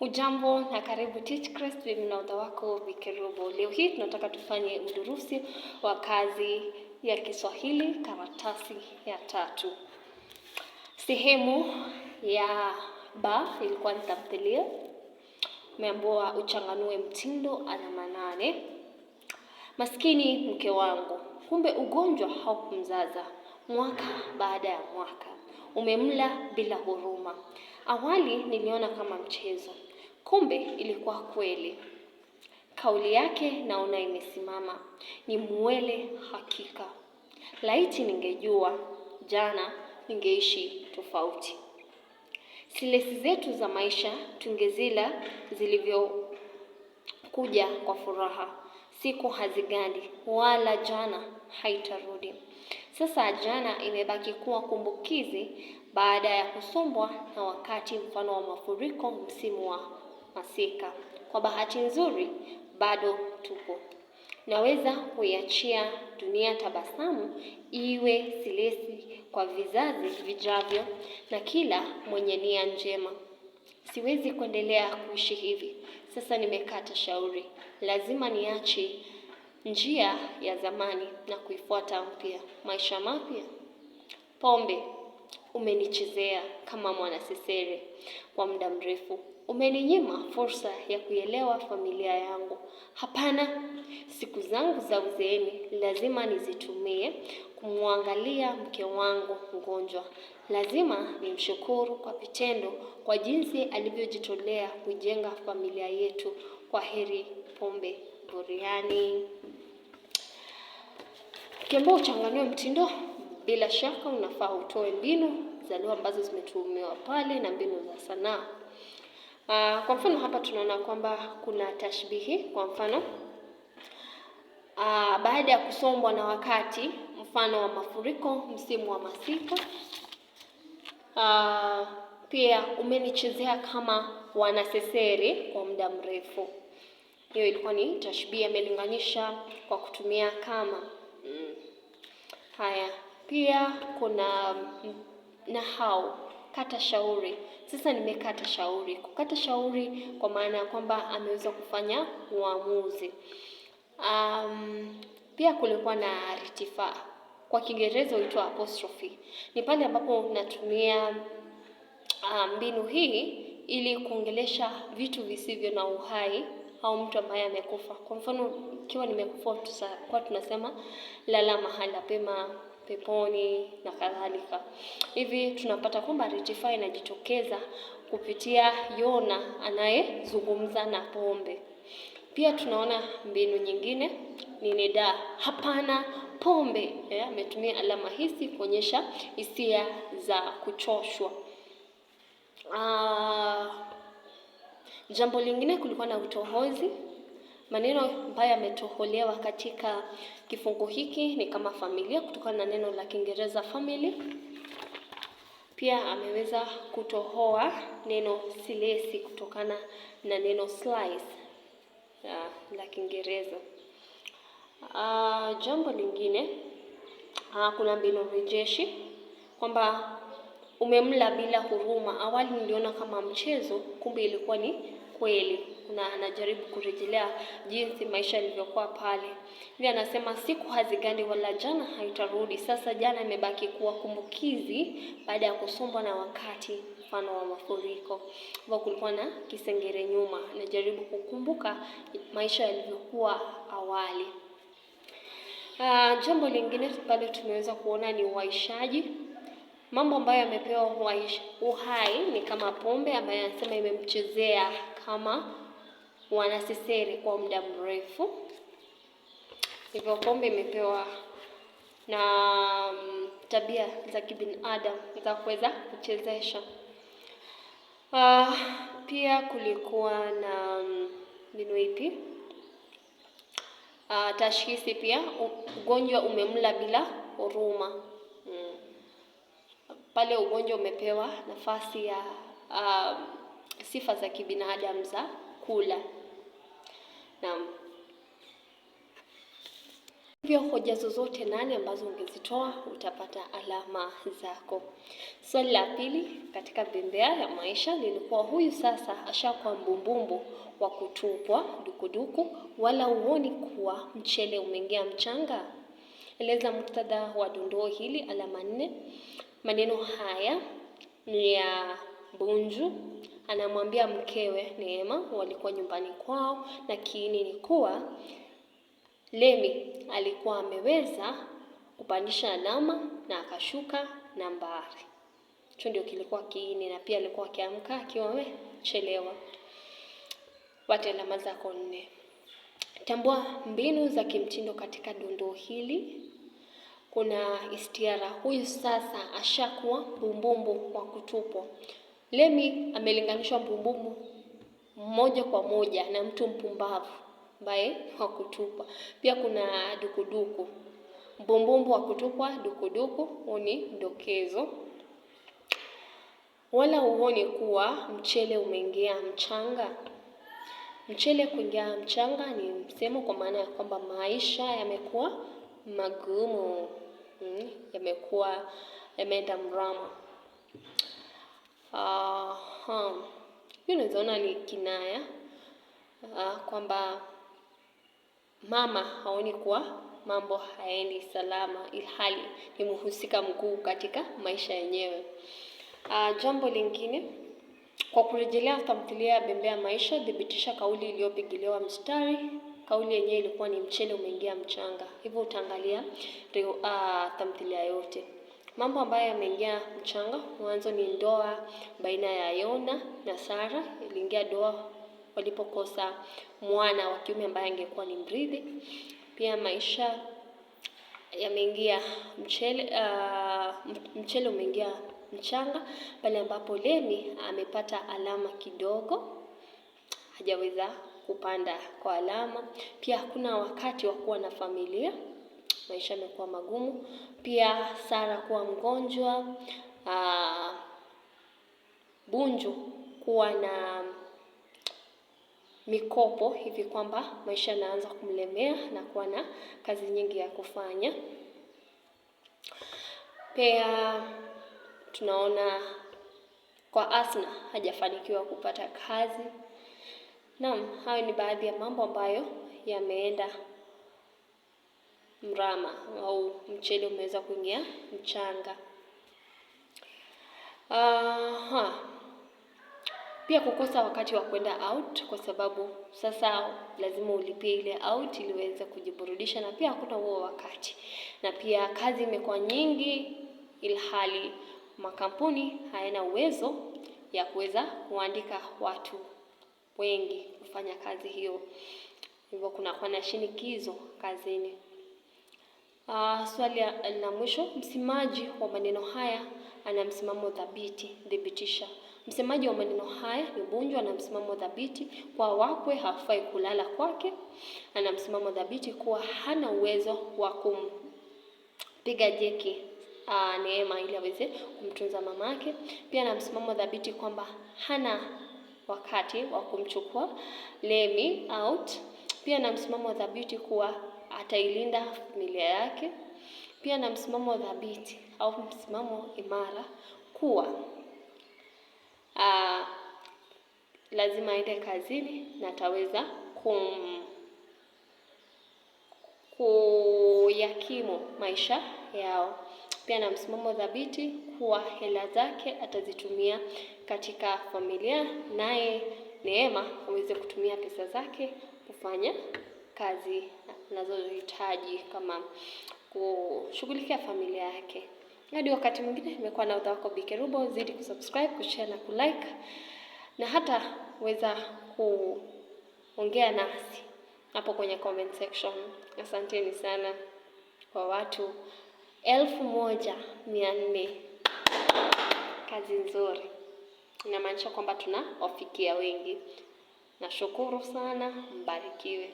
Hujambo na karibu Teachkrest mimi na udha wako Vikerubo. Leo hii tunataka tufanye udurusi wa kazi ya Kiswahili karatasi ya tatu. Sehemu ya ba ilikuwa ni tamthilia. Umeambiwa uchanganue mtindo alama nane. Maskini mke wangu, kumbe ugonjwa haukumzaza mwaka baada ya mwaka, umemla bila huruma. Awali niliona kama mchezo Kumbe ilikuwa kweli, kauli yake naona imesimama, ni mwele hakika. Laiti ningejua jana, ningeishi tofauti. Silesi zetu za maisha tungezila zilivyokuja kwa furaha. Siku hazigandi wala jana haitarudi. Sasa jana imebaki kuwa kumbukizi baada ya kusombwa na wakati, mfano wa mafuriko msimu wa masika. Kwa bahati nzuri, bado tupo. Naweza kuiachia dunia tabasamu, iwe silesi kwa vizazi vijavyo na kila mwenye nia njema. Siwezi kuendelea kuishi hivi. Sasa nimekata shauri, lazima niache njia ya zamani na kuifuata mpya, maisha mapya. Pombe, umenichezea kama mwanasesere kwa muda mrefu. Umeninyima fursa ya kuielewa familia yangu. Hapana, siku zangu za uzeeni lazima nizitumie kumwangalia mke wangu mgonjwa. Lazima nimshukuru kwa vitendo kwa jinsi alivyojitolea kujenga familia yetu. kwa heri Pombe Buriani. Ukiambiwa uchanganue mtindo, bila shaka unafaa utoe mbinu za leo ambazo zimetumiwa pale na mbinu za sanaa. Uh, kwa mfano hapa tunaona kwamba kuna tashbihi. Kwa mfano uh, baada ya kusombwa na wakati, mfano wa mafuriko, msimu wa masika. Uh, pia umenichezea kama wanaseseri kwa muda mrefu. Hiyo ilikuwa ni tashbihi, amelinganisha kwa kutumia kama mm. Haya, pia kuna mm, nahau kata shauri. Sasa nimekata shauri. Kukata shauri kwa maana ya kwamba ameweza kufanya uamuzi. Um, pia kulikuwa na ritifaa, kwa Kiingereza huitwa apostrophe. Ni pale ambapo natumia ah, mbinu um, hii ili kuongelesha vitu visivyo na uhai au mtu ambaye amekufa. Kwa mfano, ikiwa nimekufa, kwa tunasema lala mahala pema peponi na kadhalika. Hivi tunapata kwamba Ritifai inajitokeza kupitia Yona anayezungumza na pombe. Pia tunaona mbinu nyingine ni nida hapana pombe. Ametumia alama hizi kuonyesha hisia za kuchoshwa. Ah, jambo lingine kulikuwa na utohozi. Maneno ambayo yametoholewa katika kifungu hiki ni kama familia, kutokana na neno la Kiingereza family. Pia ameweza kutohoa neno silesi kutokana na neno slice la Kiingereza. Uh, jambo lingine uh, kuna mbinu rejeshi kwamba umemla bila huruma. Awali niliona kama mchezo, kumbe ilikuwa ni kweli na anajaribu kurejelea jinsi maisha yalivyokuwa pale. Pia anasema siku hazigandi wala jana haitarudi. Sasa jana imebaki kuwa kumbukizi baada ya kusombwa na wakati, mfano wa mafuriko. Hivyo kulikuwa na kisengere nyuma, anajaribu kukumbuka maisha yalivyokuwa awali. Uh, jambo lingine pale tumeweza kuona ni uaishaji mambo ambayo amepewa uhai ni kama pombe ambayo anasema imemchezea kama wanasesere kwa muda mrefu. Hivyo pombe imepewa na mm, tabia za kibinadamu za kuweza kuchezesha. Uh, pia kulikuwa na mm, mbinu um, ipi uh, tashhisi pia ugonjwa umemla bila huruma. Mm. Pale ugonjwa umepewa nafasi ya uh, sifa za kibinadamu za kula. Naam, hivyo hoja zozote nane ambazo ungezitoa utapata alama zako. Swali la pili katika bembea ya maisha lilikuwa huyu sasa ashakuwa mbumbumbu wa kutupwa dukuduku, wala huoni kuwa mchele umeingia mchanga. Eleza muktadha wa dondoo hili, alama nne. Maneno haya ni ya Bunju, anamwambia mkewe Neema walikuwa nyumbani kwao, na kiini ni kuwa Lemi alikuwa ameweza kupandisha alama na akashuka nambari. Hicho ndio kilikuwa kiini, na pia alikuwa akiamka akiwa amechelewa. Wate alama zako nne. Tambua mbinu za kimtindo katika dondoo hili. Kuna istiara, huyu sasa ashakuwa bumbumbu wa kutupwa. Lemi amelinganishwa mpumbumu moja kwa moja na mtu mpumbavu ambaye hakutupwa. Pia kuna dukuduku, mbumbumbu wa kutupwa, dukuduku. Huu ni mdokezo. Wala huoni kuwa mchele umeingia mchanga. Mchele kuingia mchanga ni msemo kwa maana ya kwamba maisha yamekuwa magumu, hmm, yamekuwa yameenda mrama hiyo unaweza ni kinaya uh, kwamba mama haoni kuwa mambo haendi salama, ilhali ni mhusika mkuu katika maisha yenyewe. Uh, jambo lingine kwa kurejelea tamthilia ya Bembea Maisha, thibitisha kauli iliyopigiliwa mstari. Kauli yenyewe ilikuwa ni mchele umeingia mchanga, hivyo utaangalia uh, tamthilia yote. Mambo ambayo yameingia mchanga mwanzo ni ndoa baina ya Yona na Sara. Iliingia ndoa walipokosa mwana wa kiume ambaye angekuwa ni mrithi. Pia maisha yameingia mchele, uh, mchele umeingia mchanga pale ambapo leni amepata alama kidogo, hajaweza kupanda kwa alama. Pia hakuna wakati wa kuwa na familia maisha yamekuwa magumu. Pia Sara kuwa mgonjwa, uh, Bunju kuwa na mikopo hivi kwamba maisha yanaanza kumlemea na kuwa na kazi nyingi ya kufanya. Pia tunaona kwa Asna hajafanikiwa kupata kazi. Naam, hayo ni baadhi ya mambo ambayo yameenda mrama au mchele umeweza kuingia mchanga. Aha. Ah, pia kukosa wakati wa kwenda out, kwa sababu sasa lazima ulipie ile out ili uweze kujiburudisha, na pia hakuna huo wakati, na pia kazi imekuwa nyingi, ilhali makampuni hayana uwezo ya kuweza kuandika watu wengi kufanya kazi hiyo, hivyo kunakuwa na shinikizo kazini. Uh, swali la mwisho, msemaji wa maneno haya ana msimamo thabiti. Thibitisha. Msemaji wa maneno haya ni Bunjwa ana msimamo thabiti kwa wakwe, hafai kulala kwake. Ana msimamo thabiti kuwa hana uwezo wa kumpiga jeki uh, Neema ili aweze kumtunza mamake. Pia ana msimamo thabiti kwamba hana wakati wa kumchukua Lemi out. Pia ana msimamo thabiti kuwa atailinda familia yake, pia na msimamo thabiti au msimamo imara kuwa aa, lazima aende kazini na ataweza kum kuyakimu maisha yao. Pia na msimamo thabiti kuwa hela zake atazitumia katika familia, naye Neema aweze kutumia pesa zake kufanya kazi nazohitaji kama kushughulikia familia yake. Hadi wakati mwingine, nimekuwa na udha wako Bike Rubo. Zidi kusubscribe, kushare na kulike, na hata weza kuongea nasi hapo kwenye comment section. Asanteni sana kwa watu elfu moja mia nne. Kazi nzuri, inamaanisha kwamba tunawafikia wengi. Nashukuru sana, mbarikiwe.